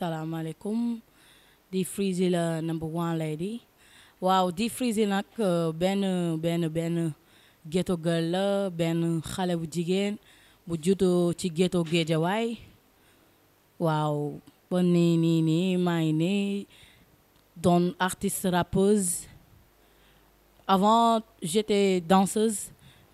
salaamaaleykum di Freezy la number one lady waaw di Freezy nag euh, benn benn benn ghetto girl la benn xale bu jigéen bu juddoo ci ghetto Géejawaay waaw bon nii nii nii maa ngi nii doon artiste avant j'étais danseuse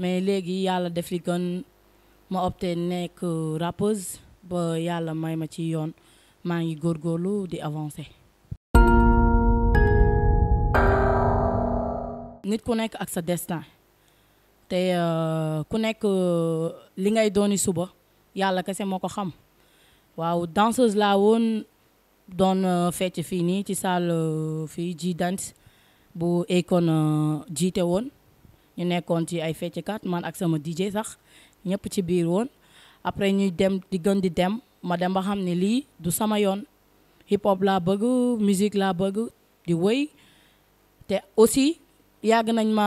mais léegi yàlla def li gën ma opté nekk rappeuse ba yàlla may ma ci yoon maa ngi góorgóorlu di avancer. nit ku nekk ak sa destin te euh, ku nekk euh, li ngay dooni suba yàlla kese moo ko xam waaw danseuse laa woon doon euh, fecc fii nii ci salle fii ji dance bu Akon jiite woon ñu nekkoon ci ay fecckat man ak sama DJ sax ñëpp ci biir woon après ñuy dem di gën di dem ma dem ba xam ne lii du sama yoon hip hop laa bëgg musique laa bëgg di wëy te aussi yàgg nañ ma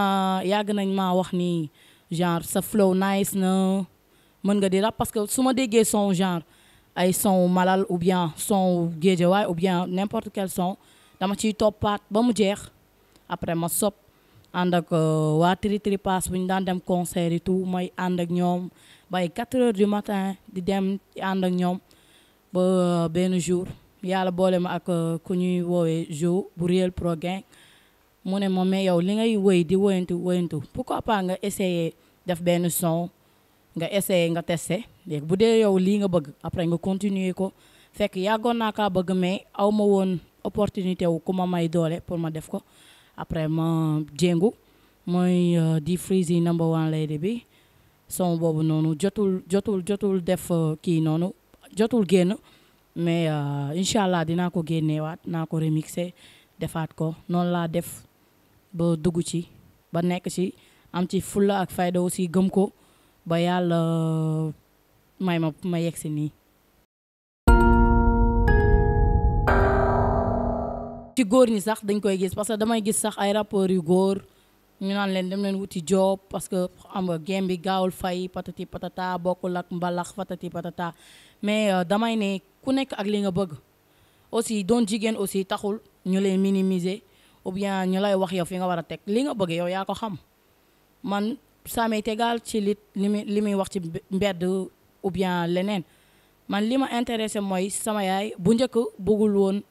yàgg nañ ma wax ni genre sa flow nice na mën nga di rap parce que su ma déggee son genre ay son malal ou bien son géejawaay ou bien n'importe quelle son dama ciy toppaat ba mu jeex après ma sob ànd ak euh, waa Tiri Tiri Pass daan dem concert yi tout may ànd ak ñoom bay 4 heures du matin di dem di ànd ak ñoom ba euh, benn jour yàlla boole ma ak euh, ku ñuy woowee Jo bu réel pro mu ne moom mais yow li ngay woy di woyantu woyantu pourquoi pa nga essayer def benn son nga essayer nga tester léegi bu dee yow lii nga bëgg après nga continuer ko fekk yàggoon naa ka bëgg mais aw ma woon opportunité wu ku ma may doole pour ma def ko après ma jéngu mooy euh, di Freezy number one lady bi son boobu noonu jotul jotul jotul def euh, kii noonu jotul génn mais euh, incha allah dinaa ko génnewaat naa ko remixé defaat ko noonu laa def ba dugg ci ba nekk ci am ci fulla ak fayda aussi gëm ko ba yàlla euh, may ma ma yegg si nii. ci góor ñi sax dañ koy gis parce que damay gis sax ay rappeurs yu góor. ñu naan leen dem leen wuti job parce que am nga game bi gaawul fay patati patata bokkul ak mbalax patati patata mais euh, damay ne ku nekk ak li nga bëgg aussi doon jigéen aussi taxul ñu leen minimiser ou bien ñu lay wax yow fi nga war a teg li nga bëgg yow yaa ko xam man ça m'est égal ci li li muy li muy wax ci mbedd ou bien leneen man li ma intéressé mooy sama yaay bu njëkk bëggul woon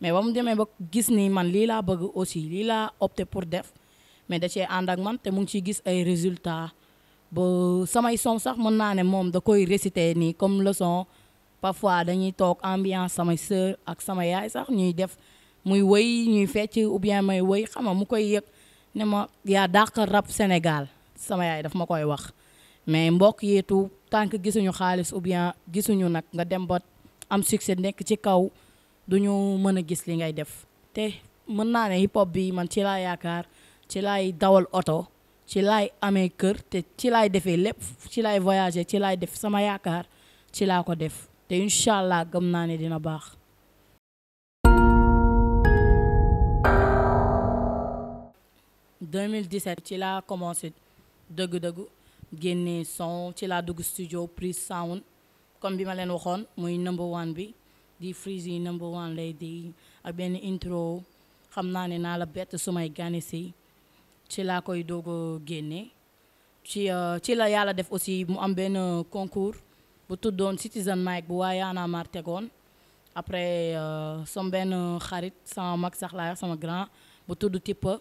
mais ba mu demee ba gis ni man lii laa bëgg aussi lii laa opté pour def mais da cee ànd ak man te mu ngi ciy gis ay résultats ba samay som sax mën naa ne moom da koy réciter nii comme leçon parfois dañuy toog ambiance samay sœur ak sama yaay sax ñuy def muy wëy ñuy fecc ou bien may wëy xam mu koy yëg ne ma yaa dàq rap Sénégal sama yaay daf ma koy wax mais mbokk yeetu tant que gisuñu xaalis ou bien gisuñu nag nga dem ba am succès nekk ci kaw duñu mën a gis li ngay def te mën naa ne hip hop bi man ci laa yaakaar ci laay dawal oto ci laay amee kër te ci laay defee lépp ci laay voyager ci laay def sama yaakaar ci laa ko def te incha allah gëm naa ne dina baax. deux mille dix ci laa commencé dëgg-dëgg génne son ci laa dugg studio prise sound comme bi ma leen waxoon muy number one bi di Freezy number one lay di ak benn intro xam naa ne naa la bett sumay gane si ci laa koy doog a génne ci euh, ci la yàlla def aussi mu am benn euh, concours bu tuddoon Citizen Mike bu waa Y'en a marre tegoon après euh, sama benn xarit sama mag sax laa sama grand bu tudd Tippa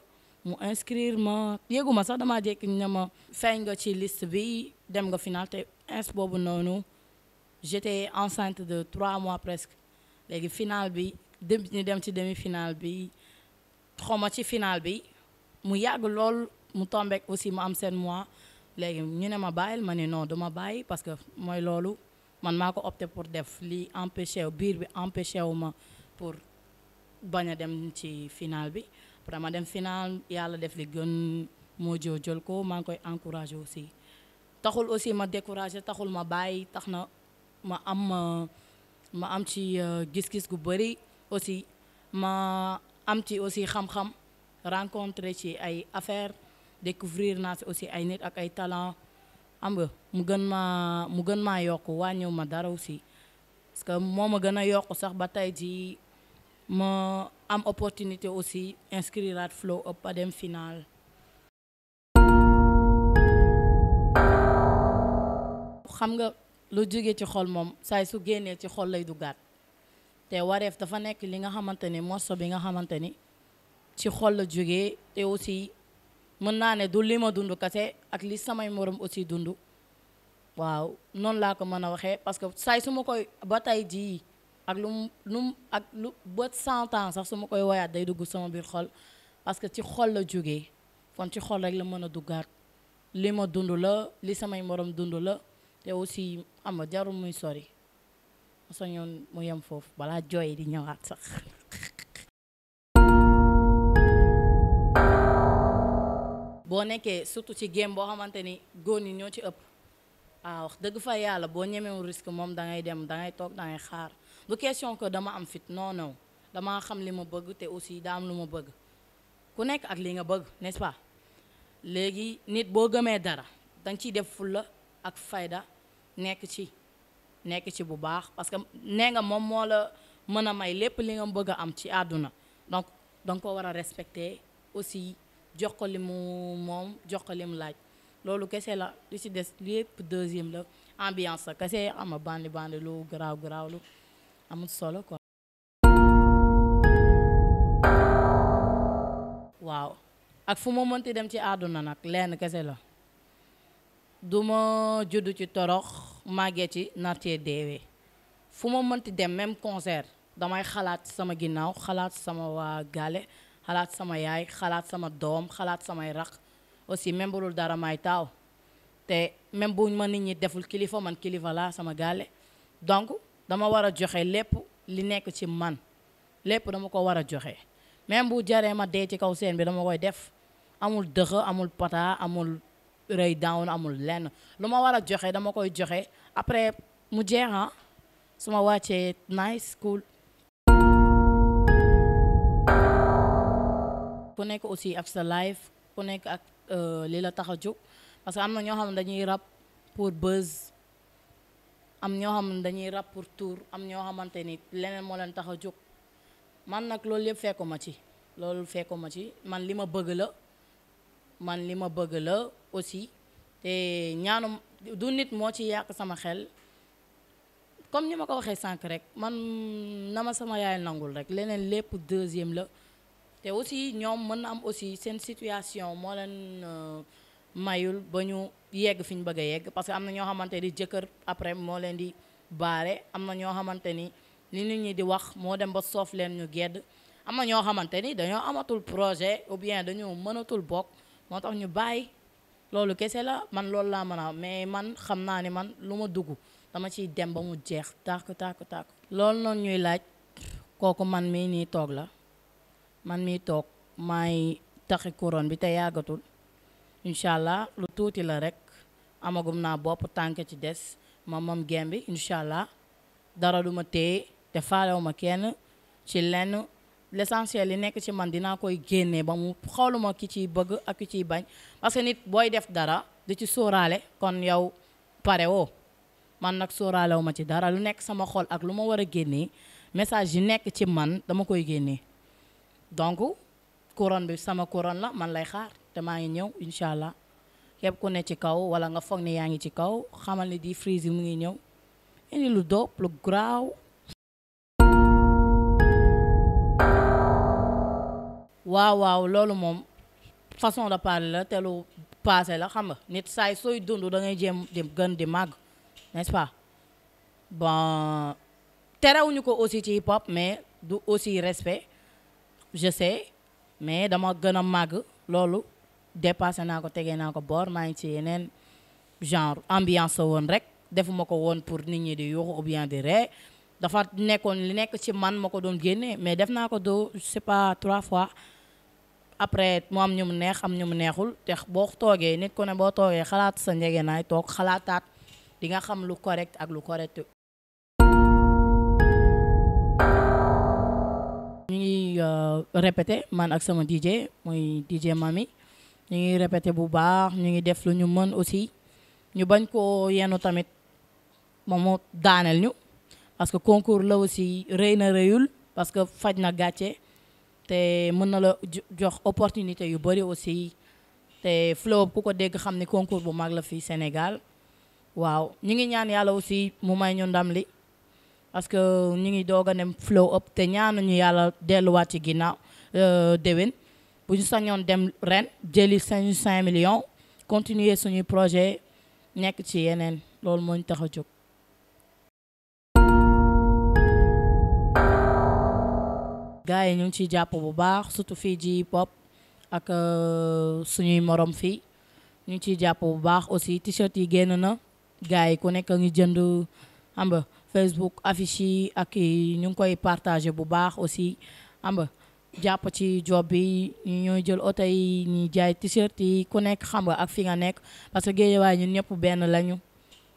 mu inscrire ma yéegu sax damaa jékki ne ma feeñ nga ci liste bi dem nga final te ins boobu noonu j'étais enceinte de trois mois presque léegi final bi dem dem ci demi final bi xaw ci final bi mu yàgg lool mu tombeek aussi ma am seen mois léegi ñu ne ma bàyyil ma ne non duma bàyyi parce que mooy loolu man maa ko opté pour def li empêché wu biir bi empêché wu ma pour bañ dem ci final bi après ma dem final yàlla def li gën moo joo jël ko maa ngi koy encouragé aussi taxul aussi ma découragé taxul ma bàyyi tax na ma am ma am ci euh, gis-gis gu bëri aussi ma am ci aussi xam-xam rencontré ci ay affaires découvrir naa si aussi ay nit ak ay talent am nga mu gën maa mu gën maa yokk wàññiw ma dara aussi parce que moo ma gën a yokk sax ba tey ji ma am opportunité aussi inscrire at flow up ba dem final. xam nga lu jóge ci xol moom saay su génnee ci xol lay du duggaat te wareef dafa nekk li nga xamante ni morceau bi nga xamante ni. ci xol la jógee te aussi mën naa ne du li ma dund kase ak li samay morom aussi dund waaw noonu laa ko mën a waxee parce que saay su ma koy ba tey jii ak lu mu lu ak lu bët cent ans sax su ma koy woyaat day dugg sama biir xol parce que ci xol la jóge kon ci xol rek la mën a duggaat li ma dund la li samay morom dund la te aussi am na jarul muy sori so ñoon mu yem foofu balaa jooy di ñëwaat sax boo nekkee surtout ci game boo xamante ni góor ñi ñoo ci ëpp waaw ah, wax dëgg fa yàlla boo ñemewul risque moom da dem da toog da xaar du question que dama am fit non non damaa xam li ma bëgg te aussi daa am lu ma bëgg ku nekk ak li nga bëgg n'est-ce léegi nit boo gëmee dara danga ciy def fulla ak fayda nekk ci nekk ci bu baax parce que nee nga moom moo la mën a may lépp li nga bëgg a am ci àdduna donc danga ko war a respecter aussi jox ko li mu moom jox ko li mu laaj loolu kese la lu si des lépp deuxième la ambiance sa kese ama bandi bandi lu garaaw garaaw lu amul solo quoi. waaw ak fu ma mënti dem ci àdduna nag lenn kese la du ma judd ci torox màggee ci nartee deewee fu ma mënti dem même concert damay xalaat sama ginnaaw xalaat sama waa gaale xalaat sama yaay xalaat sama doom xalaat samay rax aussi même bu dara may taaw te même bu ma nit ñi deful kilifa man kilifa laa sama gaale donc dama war a joxe lépp li nekk ci man lépp dama ko war a joxe même bu jaree ma dee ci kaw seen bi dama koy def amul dëx amul pata amul rëy down amul lenn lu ma war a joxe dama koy joxe après mu jeex ah. su ma wàccee nice cool ku nekk aussi ak sa live ku nekk ak euh, li la tax a jóg parce que am na ñoo xam ne dañuy rap pour buzz am ñoo xam ne dañuy rap pour tour am ñoo xamante ni leneen moo leen tax a jóg man nag loolu yëpp fekku ma ci loolu fekku ma ci man li ma bëgg la man li ma bëgg la aussi te ñaanu du nit moo ci yàq sama xel comme ni ma ko waxee sànq rek man na ma sama yaay nangul rek leneen lépp deuxième la te aussi ñoom mën na am aussi seen situation moo leen euh, mayul ba ñu yegg fi ñu bëgg yegg parce que am na ñoo xamante ni jëkkër après moo leen di baare am na ñoo xamante ni li nit ñi di wax moo dem ba soof leen ñu gedd am na ñoo xamante ni dañoo amatul projet ou bien dañoo mënatul bokk moo tax ñu bàyyi loolu kese la man loolu laa mën a mais man xam naa ne man lu ma dugg dama ciy dem ba mu jeex tàkk tàkk tàkk loolu noonu ñuy laaj kooku man mii nii toog la man mi toog maay taxi couronne bi te yàggatul incha allah lu tuuti la rek amagum naa bopp tànk ci des ma moom gem bi incha allah dara du ma téye te faalewu ma kenn ci lenn l'essentiel li nekk ci man dinaa koy génnee ba mu xooluma ki ciy bëgg ak ki ciy bañ parce que nit booy def dara di ci sóoraale kon yow parewoo man nag sóoraalewu ma ci dara lu nekk sama xol ak lu ma war a génnee message yi nekk ci man dama koy génnee donc couronne bi sama couronne la man lay xaar te maa ngi ñëw incha allah képp ku ne ci kaw wala nga foog ni yaa ngi ci kaw xamal ne di Freezy mu ngi ñëw indi lu dopp lu graaw. waaw waaw loolu moom façon de parler la te lu passé la xam nga nit saay sooy dund da ngay jéem di gën di màgg nest pas terewuñu ko aussi ci hip hop mais du aussi respect je sais mais dama gën a màgg loolu dépassé naa ko tegee naa ko boor maa ngi ci yeneen genre ambiance la woon rek defuma ko woon pour nit ñi di yuuxu ou bien di ree dafa nekkoon li nekk ci man ma ko doon génnee mais def naa ko doo je pas trois fois après mu am ñu mu neex am ñu mu neexul te boo toogee nit ku ne boo toogee xalaat sa njege naay toog xalaataat di nga xam lu correct ak lu correct ñu ngi euh, répété man ak sama DJ muy DJ Mami ñu ngi répété bu baax ñu ngi def lu ñu mën aussi ñu bañ koo yenu tamit moom moo daaneel ñu parce que concours la aussi rëy na rëyul parce que faj na gàcce te mën na la jox opportunité yu bëri aussi te Flow ku ko dégg xam ni concours bu mag la fii Sénégal waaw ñu ngi ñaan yàlla aussi mu may ñu ndam li parce que ñu ngi doog a dem flow up te ñaanuñu yàlla delluwaat ci ginnaaw euh, déwén bu ñu sañoon dem ren jëli suñu cinq millions continuer suñuy projet nekk ci yeneen loolu moo ñu tax a jóg. gars yi ñu ngi ciy jàpp bu baax surtout fii ji pop ak euh, suñuy morom fii ñu ngi ciy jàpp bu baax aussi t-shirt yi génn na gars yi ku nekk a ngi jënd xam Facebook affiche yi ak ñu ngi koy partagé bu baax aussi xam nga jàpp ci job bi ñooy jël oto yi ñuy jaay t-shirt yi ku nekk xam nga ak fi nga nekk parce que Guédiawaye ñun ñëpp benn lañu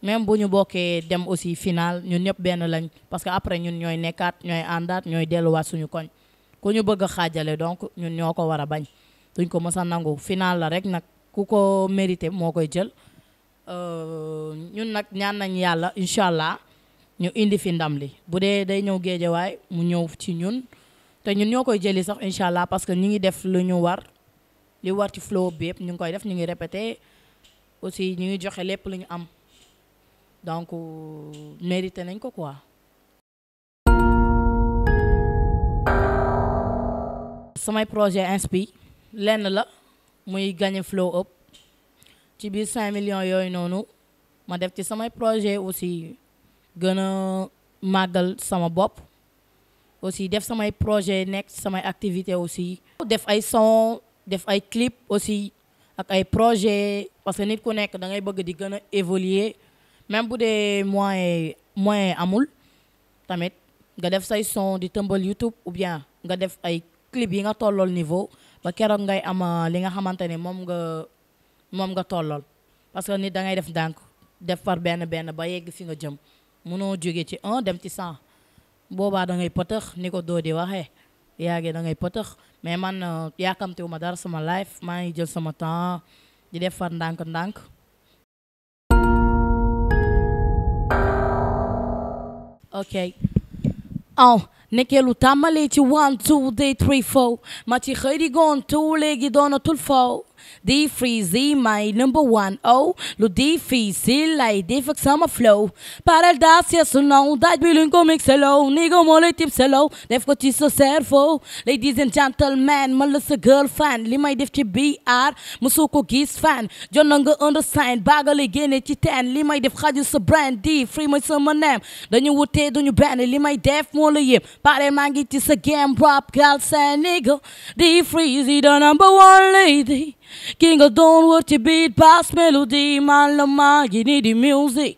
même bu ñu bokkee dem aussi final ñun ñëpp benn lañ parce que après ñun ñooy nekkaat ñooy àndaat ñooy delluwaat suñu koñ ku ñu bëgg a xaajale donc ñun ñoo ko war a bañ duñ ko mës a nangu final la rek nag ku ko mérité moo koy jël euh, ñun nag ñaan nañ yàlla incha allah. ñu indi fi ndam li bu dee day ñëw géejawaay mu ñëw ci ñun te ñun ñoo koy jëli sax incha allah parce que ñu ngi def lu ñu war li war ci flow bi yëpp ñu ngi koy def ñu ngi répété aussi ñu ngi joxe lépp lu ñu am donc euh, mérité nañ ko quoi. samay projet inspi lenn la muy gagné flow up ci biir 5 millions yooyu noonu ma def ci samay projet aussi. gën a màggal sama bopp aussi def samay projet nekk samay activité aussi def ay son def ay clip aussi ak ay projet parce que nit ku nekk da ngay bëgg di gën a évoluer même bu dee moyen moyen amul tamit nga def say son di tëmbal YouTube ou bien nga def ay clip yi nga tollool niveau ba keroog ngay am euh, li nga xamante ne moom nga moom nga tollool parce que nit da ngay def ndànk def par benn benn ba yegg fi nga jëm mënoo jóge ci un dem ci cent boobaa da ngay pëtëx ni ko doo di waxee yaagee da ngay pëtëx mais man euh, yaakamtewu ma dara sama life maa ngi jël sama temps di def far ndànk-ndànk ok oh nekkeelu tàmmalee ci one two day three four ma ci xëy di goon tout léegi doonatul faw D-Freezy, my number one. Oh, lo difícil, la idea sama flow. Para el dacia sonão, dai bilhões comigo selo, nigo mole tip selo, def ko ti so servo. Ladies di gentlemen, man lus a girl fan, li may def ci BR, musuko gis fan. John nga understand, bagali gene ci ten, li may def xaju sa brand D-Free my sama name. Dañu wuté duñu ben, li may def mo la yeb. Pare maa ngi ci sa game rap, girls and nigga. D-Freezy the number one lady. ki nga doon wër ci beat bass mélodie man la maa ngi nii di music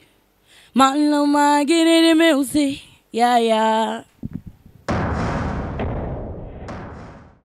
man la maa ngi nii music yaa